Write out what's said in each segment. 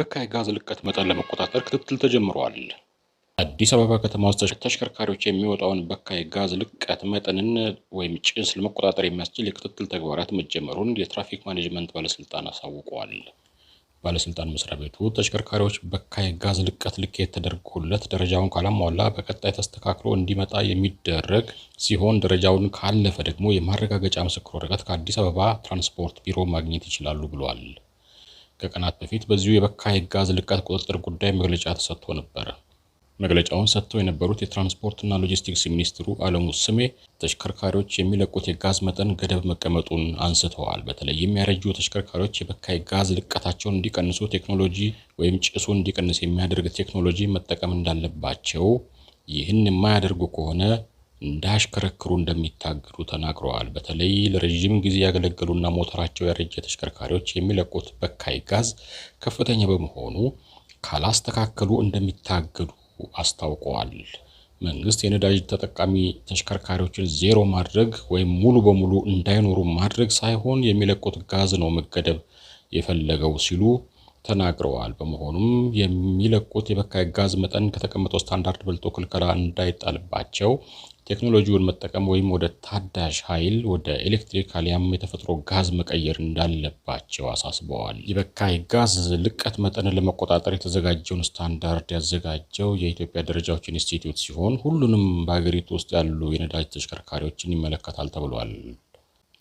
የበካ የጋዝ ልቀት መጠን ለመቆጣጠር ክትትል ተጀምሯል። አዲስ አበባ ከተማ ውስጥ ተሽከርካሪዎች የሚወጣውን በካ የጋዝ ልቀት መጠንን ወይም ጭስ ለመቆጣጠር የሚያስችል የክትትል ተግባራት መጀመሩን የትራፊክ ማኔጅመንት ባለስልጣን አሳውቋል። ባለስልጣን መስሪያ ቤቱ ተሽከርካሪዎች በካ የጋዝ ልቀት ልኬት ተደርጎለት ደረጃውን ካላሟላ በቀጣይ ተስተካክሎ እንዲመጣ የሚደረግ ሲሆን ደረጃውን ካለፈ ደግሞ የማረጋገጫ ምስክር ወረቀት ከአዲስ አበባ ትራንስፖርት ቢሮ ማግኘት ይችላሉ ብሏል። ከቀናት በፊት በዚሁ የበካይ ጋዝ ልቀት ቁጥጥር ጉዳይ መግለጫ ተሰጥቶ ነበር። መግለጫውን ሰጥተው የነበሩት የትራንስፖርትና ሎጂስቲክስ ሚኒስትሩ አለሙ ስሜ ተሽከርካሪዎች የሚለቁት የጋዝ መጠን ገደብ መቀመጡን አንስተዋል። በተለይም ያረጁ ተሽከርካሪዎች የበካይ ጋዝ ልቀታቸውን እንዲቀንሱ ቴክኖሎጂ ወይም ጭሱ እንዲቀንስ የሚያደርግ ቴክኖሎጂ መጠቀም እንዳለባቸው፣ ይህን የማያደርጉ ከሆነ እንዳያሽከረክሩ እንደሚታገዱ ተናግረዋል። በተለይ ለረዥም ጊዜ ያገለገሉና ሞተራቸው ያረጀ ተሽከርካሪዎች የሚለቁት በካይ ጋዝ ከፍተኛ በመሆኑ ካላስተካከሉ እንደሚታገዱ አስታውቀዋል። መንግስት የነዳጅ ተጠቃሚ ተሽከርካሪዎችን ዜሮ ማድረግ ወይም ሙሉ በሙሉ እንዳይኖሩ ማድረግ ሳይሆን የሚለቁት ጋዝ ነው መገደብ የፈለገው ሲሉ ተናግረዋል። በመሆኑም የሚለቁት የበካይ ጋዝ መጠን ከተቀመጠው ስታንዳርድ በልጦ ክልከላ እንዳይጣልባቸው ቴክኖሎጂውን መጠቀም ወይም ወደ ታዳሽ ኃይል ወደ ኤሌክትሪክ አሊያም የተፈጥሮ ጋዝ መቀየር እንዳለባቸው አሳስበዋል። የበካይ ጋዝ ልቀት መጠንን ለመቆጣጠር የተዘጋጀውን ስታንዳርድ ያዘጋጀው የኢትዮጵያ ደረጃዎች ኢንስቲትዩት ሲሆን ሁሉንም በሀገሪቱ ውስጥ ያሉ የነዳጅ ተሽከርካሪዎችን ይመለከታል ተብሏል።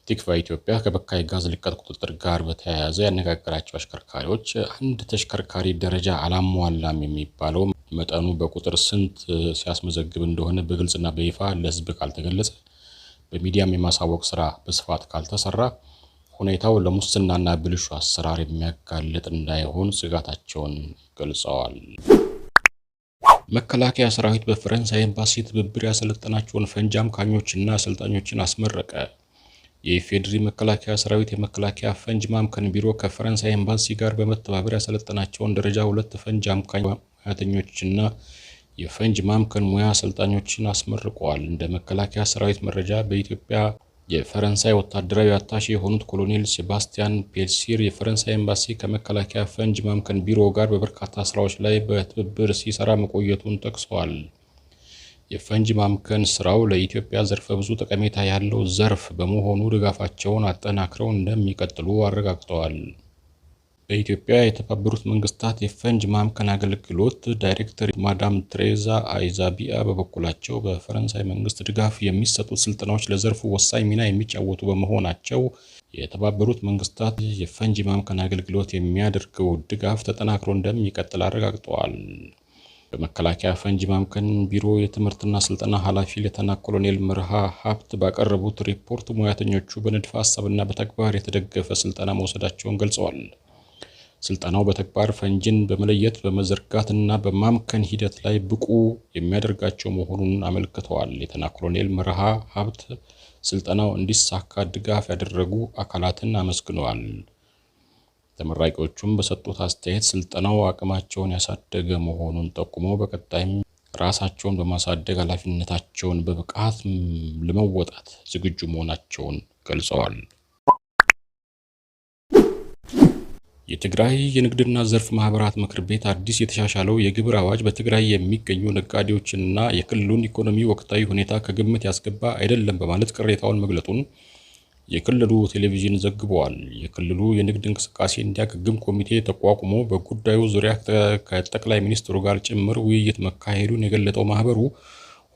ቲክቫህ ኢትዮጵያ ከበካይ ጋዝ ልቀት ቁጥጥር ጋር በተያያዘ ያነጋገራቸው አሽከርካሪዎች አንድ ተሽከርካሪ ደረጃ አላሟላም የሚባለው መጠኑ በቁጥር ስንት ሲያስመዘግብ እንደሆነ በግልጽና በይፋ ለሕዝብ ካልተገለጸ፣ በሚዲያም የማሳወቅ ስራ በስፋት ካልተሰራ ሁኔታው ለሙስናና ብልሹ አሰራር የሚያጋልጥ እንዳይሆን ስጋታቸውን ገልጸዋል። መከላከያ ሰራዊት በፈረንሳይ ኤምባሲ ትብብር ያሰለጠናቸውን ፈንጂ አምካኞችና አሰልጣኞችን አስመረቀ። የኢፌዴሪ መከላከያ ሰራዊት የመከላከያ ፈንጅ ማምከን ቢሮ ከፈረንሳይ ኤምባሲ ጋር በመተባበር ያሰለጠናቸውን ደረጃ ሁለት ፈንጅ አምካኝ ሙያተኞችና የፈንጅ ማምከን ሙያ አሰልጣኞችን አስመርቀዋል። እንደ መከላከያ ሰራዊት መረጃ በኢትዮጵያ የፈረንሳይ ወታደራዊ አታሼ የሆኑት ኮሎኔል ሴባስቲያን ፔልሲር የፈረንሳይ ኤምባሲ ከመከላከያ ፈንጅ ማምከን ቢሮ ጋር በበርካታ ስራዎች ላይ በትብብር ሲሰራ መቆየቱን ጠቅሰዋል። የፈንጅ ማምከን ስራው ለኢትዮጵያ ዘርፈ ብዙ ጠቀሜታ ያለው ዘርፍ በመሆኑ ድጋፋቸውን አጠናክረው እንደሚቀጥሉ አረጋግጠዋል። በኢትዮጵያ የተባበሩት መንግስታት የፈንጅ ማምከን አገልግሎት ዳይሬክተር ማዳም ትሬዛ አይዛቢያ በበኩላቸው በፈረንሳይ መንግስት ድጋፍ የሚሰጡት ስልጠናዎች ለዘርፉ ወሳኝ ሚና የሚጫወቱ በመሆናቸው የተባበሩት መንግስታት የፈንጅ ማምከን አገልግሎት የሚያደርገው ድጋፍ ተጠናክሮ እንደሚቀጥል አረጋግጠዋል። በመከላከያ ፈንጅ ማምከን ቢሮ የትምህርትና ስልጠና ኃላፊ ሌተና ኮሎኔል ምርሃ ሀብት ባቀረቡት ሪፖርት ሙያተኞቹ በንድፈ ሀሳብና በተግባር የተደገፈ ስልጠና መውሰዳቸውን ገልጸዋል። ስልጠናው በተግባር ፈንጅን በመለየት በመዘርጋትና በማምከን ሂደት ላይ ብቁ የሚያደርጋቸው መሆኑን አመልክተዋል። ሌተና ኮሎኔል ምርሃ ሀብት ስልጠናው እንዲሳካ ድጋፍ ያደረጉ አካላትን አመስግነዋል። ተመራቂዎቹም በሰጡት አስተያየት ስልጠናው አቅማቸውን ያሳደገ መሆኑን ጠቁመው በቀጣይም ራሳቸውን በማሳደግ ኃላፊነታቸውን በብቃት ለመወጣት ዝግጁ መሆናቸውን ገልጸዋል። የትግራይ የንግድና ዘርፍ ማህበራት ምክር ቤት አዲስ የተሻሻለው የግብር አዋጅ በትግራይ የሚገኙ ነጋዴዎችንና የክልሉን ኢኮኖሚ ወቅታዊ ሁኔታ ከግምት ያስገባ አይደለም በማለት ቅሬታውን መግለጡን የክልሉ ቴሌቪዥን ዘግቧል። የክልሉ የንግድ እንቅስቃሴ እንዲያገግም ኮሚቴ ተቋቁሞ በጉዳዩ ዙሪያ ከጠቅላይ ሚኒስትሩ ጋር ጭምር ውይይት መካሄዱን የገለጠው ማህበሩ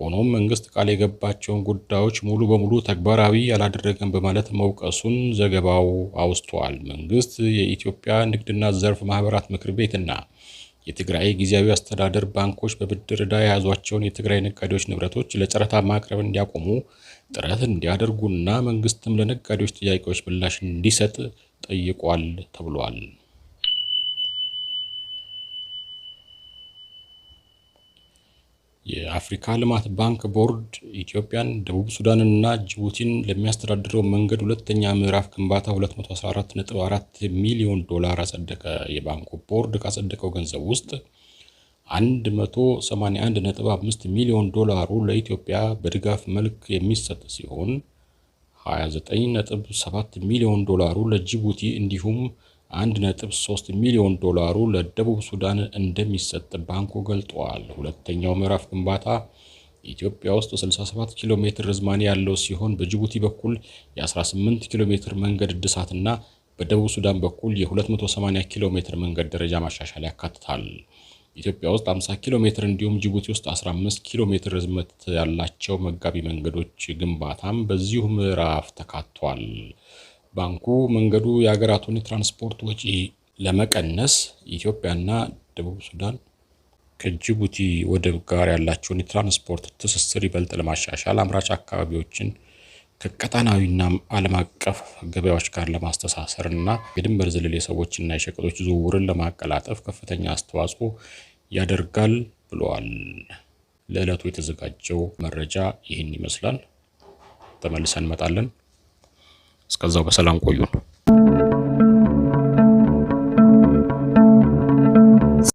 ሆኖም መንግስት ቃል የገባቸውን ጉዳዮች ሙሉ በሙሉ ተግባራዊ ያላደረገን በማለት መውቀሱን ዘገባው አውስቷል። መንግስት የኢትዮጵያ ንግድና ዘርፍ ማህበራት ምክር ቤትና የትግራይ ጊዜያዊ አስተዳደር ባንኮች በብድር ዕዳ የያዟቸውን የትግራይ ነጋዴዎች ንብረቶች ለጨረታ ማቅረብ እንዲያቆሙ ጥረት እንዲያደርጉና መንግስትም ለነጋዴዎች ጥያቄዎች ምላሽ እንዲሰጥ ጠይቋል ተብሏል። የአፍሪካ ልማት ባንክ ቦርድ ኢትዮጵያን፣ ደቡብ ሱዳንና ጅቡቲን ለሚያስተዳድረው መንገድ ሁለተኛ ምዕራፍ ግንባታ 214.4 ሚሊዮን ዶላር አጸደቀ። የባንኩ ቦርድ ካጸደቀው ገንዘብ ውስጥ 181.5 ሚሊዮን ዶላሩ ለኢትዮጵያ በድጋፍ መልክ የሚሰጥ ሲሆን 29.7 ሚሊዮን ዶላሩ ለጅቡቲ እንዲሁም 1.3 ሚሊዮን ዶላሩ ለደቡብ ሱዳን እንደሚሰጥ ባንኩ ገልጧል። ሁለተኛው ምዕራፍ ግንባታ ኢትዮጵያ ውስጥ 67 ኪሎ ሜትር ርዝማኔ ያለው ሲሆን በጅቡቲ በኩል የ18 ኪሎ ሜትር መንገድ እድሳትና በደቡብ ሱዳን በኩል የ280 ኪሎ ሜትር መንገድ ደረጃ ማሻሻል ያካትታል። ኢትዮጵያ ውስጥ 50 ኪሎ ሜትር እንዲሁም ጅቡቲ ውስጥ 15 ኪሎ ሜትር ርዝመት ያላቸው መጋቢ መንገዶች ግንባታም በዚሁ ምዕራፍ ተካቷል። ባንኩ መንገዱ የሀገራቱን የትራንስፖርት ወጪ ለመቀነስ ኢትዮጵያና ደቡብ ሱዳን ከጅቡቲ ወደብ ጋር ያላቸውን የትራንስፖርት ትስስር ይበልጥ ለማሻሻል አምራች አካባቢዎችን ከቀጠናዊና ዓለም አቀፍ ገበያዎች ጋር ለማስተሳሰር እና የድንበር ዘለል የሰዎችና የሸቀጦች ዝውውርን ለማቀላጠፍ ከፍተኛ አስተዋጽኦ ያደርጋል ብለዋል። ለዕለቱ የተዘጋጀው መረጃ ይህን ይመስላል። ተመልሰን እንመጣለን። እስከዛው በሰላም ቆዩን።